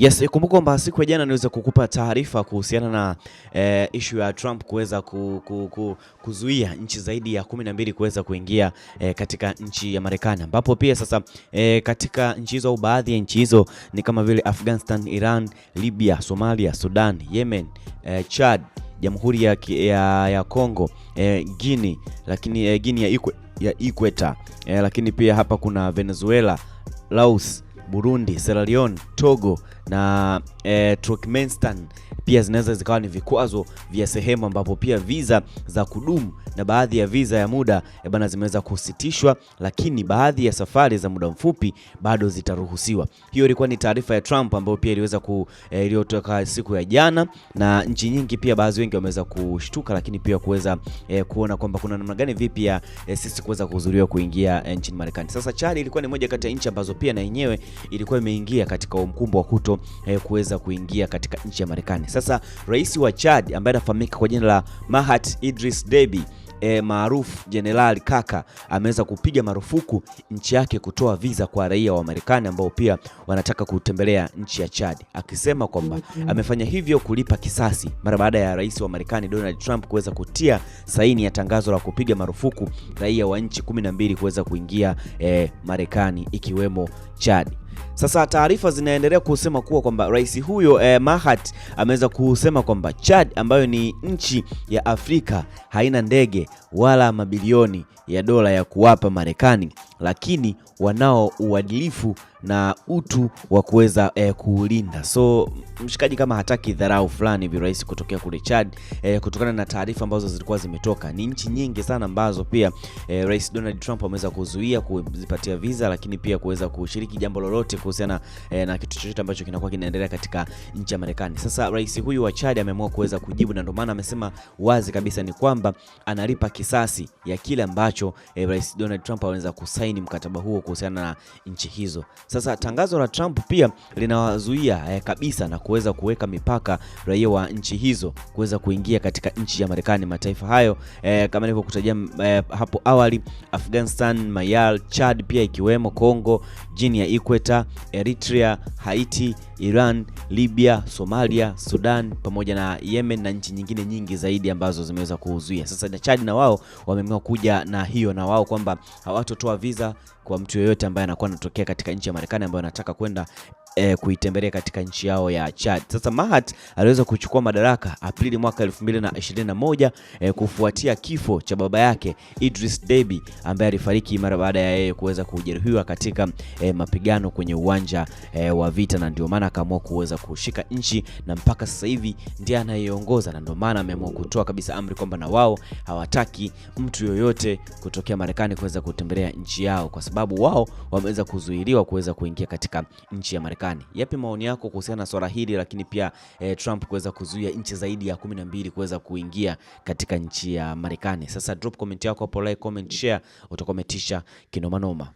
Yes, kumbuka kwamba siku ya jana niweza kukupa taarifa kuhusiana na eh, ishu ya Trump kuweza ku, ku, ku, kuzuia nchi zaidi ya kumi na mbili kuweza kuingia eh, katika nchi ya Marekani ambapo pia sasa eh, katika nchi hizo au baadhi ya nchi hizo ni kama vile Afghanistan, Iran, Libya, Somalia, Sudan, Yemen, eh, Chad, Jamhuri ya, ya, ya Kongo, eh, Guinea, lakini eh, Guinea ya, Ikwe, ya Ikweta eh, lakini pia hapa kuna Venezuela, Laos, Burundi, Sierra Leone, Togo na e, Turkmenistan pia zinaweza zikawa ni vikwazo vya sehemu ambapo pia visa za kudumu na baadhi ya visa ya muda e bana zimeweza kusitishwa, lakini baadhi ya safari za muda mfupi bado zitaruhusiwa. Hiyo ilikuwa ni taarifa ya Trump ambayo pia iliweza ku e, iliyotoka siku ya jana, na nchi nyingi pia baadhi wengi wameweza kushtuka, lakini pia kuweza e, kuona kwamba kuna namna gani vipi ya e, sisi kuweza kuhudhuria kuingia e, nchini Marekani. Sasa Chad ilikuwa ni moja kati ya nchi ambazo pia na yenyewe ilikuwa imeingia katika mkumbo wa kuto eh, kuweza kuingia katika nchi ya Marekani. Sasa rais wa Chad ambaye anafahamika kwa jina la Mahat Idris Deby E, maarufu Jenerali Kaka ameweza kupiga marufuku nchi yake kutoa viza kwa raia wa Marekani ambao pia wanataka kutembelea nchi ya Chad, akisema kwamba mm-hmm. amefanya hivyo kulipa kisasi mara baada ya rais wa Marekani Donald Trump kuweza kutia saini ya tangazo la kupiga marufuku raia wa nchi kumi na mbili kuweza kuingia e, Marekani ikiwemo Chad. Sasa taarifa zinaendelea kusema kuwa kwamba rais huyo eh, Mahat ameweza kusema kwamba Chad ambayo ni nchi ya Afrika haina ndege wala mabilioni ya dola ya kuwapa Marekani, lakini wanao uadilifu na utu wa kuweza eh, kuulinda. So mshikaji kama hataki dharau fulani hivi rahisi kutokea kule Chad eh, kutokana na taarifa ambazo zilikuwa zimetoka. Ni nchi nyingi sana ambazo pia eh, Rais Donald Trump ameweza kuzuia kuzipatia visa, lakini pia kuweza kushiriki jambo lolote kuhusiana eh, na kitu chochote ambacho kinakuwa kinaendelea katika nchi ya Marekani. Sasa rais huyu wa Chad ameamua kuweza kujibu, na ndio maana amesema wazi kabisa ni kwamba analipa kisasi ya kile ambacho ambacho eh, Rais Donald Trump anaweza kusaini mkataba huo kuhusiana na nchi hizo. Sasa tangazo la Trump pia linawazuia eh, kabisa na kuweza kuweka mipaka raia wa nchi hizo kuweza kuingia katika nchi ya Marekani. Mataifa hayo eh, kama nilivyokutajia eh, hapo awali, Afghanistan, Mayal, Chad pia ikiwemo Kongo, Guinea ya Ikweta, Eritrea, Haiti, Iran, Libya, Somalia, Sudan pamoja na Yemen na nchi nyingine nyingi zaidi ambazo zimeweza kuzuia. Sasa na Chad na wao wameamua kuja na hiyo na wao kwamba hawatotoa visa kwa mtu yeyote ambaye anakuwa anatokea katika nchi ya Marekani ambaye anataka kwenda e, kuitembelea katika nchi yao ya Chad. Sasa Mahat aliweza kuchukua madaraka Aprili mwaka 2021 e, eh, kufuatia kifo cha baba yake Idris Deby ambaye alifariki mara baada ya yeye kuweza kujeruhiwa katika e, mapigano kwenye uwanja e, wa vita, na ndio maana akaamua kuweza kushika nchi na mpaka sasa hivi ndiye anayeongoza, na ndio maana ameamua kutoa kabisa amri kwamba na wao hawataki mtu yoyote kutokea Marekani kuweza kutembelea nchi yao kwa sababu wao wameweza kuzuiliwa kuweza kuingia katika nchi ya Marekani. Marekani. Yapi maoni yako kuhusiana na swala hili, lakini pia eh, Trump kuweza kuzuia nchi zaidi ya kumi na mbili kuweza kuingia katika nchi ya Marekani? Sasa drop comment yako hapo, like, comment, share, utakometisha kinomanoma.